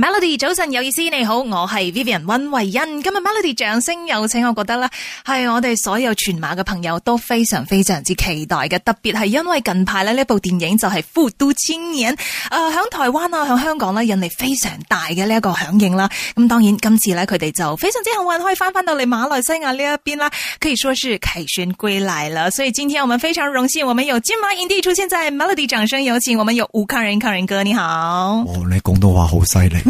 Melody 早晨有意思，你好，我係 Vivian 溫慧欣。今日 Melody 掌聲有請，我覺得啦，係我哋所有全馬嘅朋友都非常非常之期待嘅，特別係因為近排呢一部電影就係，是《富都青年》。誒、呃，喺台灣啊，喺香港呢，引嚟，非常大嘅呢一個響應啦。咁當然今次呢，佢哋就非常之幸運，可以翻翻到嚟馬來西亞呢一邊啦，可以說是凱旋歸來啦。所以今天我們非常榮幸，我們有金馬影帝出現在 Melody 掌聲有請，我們有吳慷仁，慷仁哥你好。哦，你廣東話好犀利。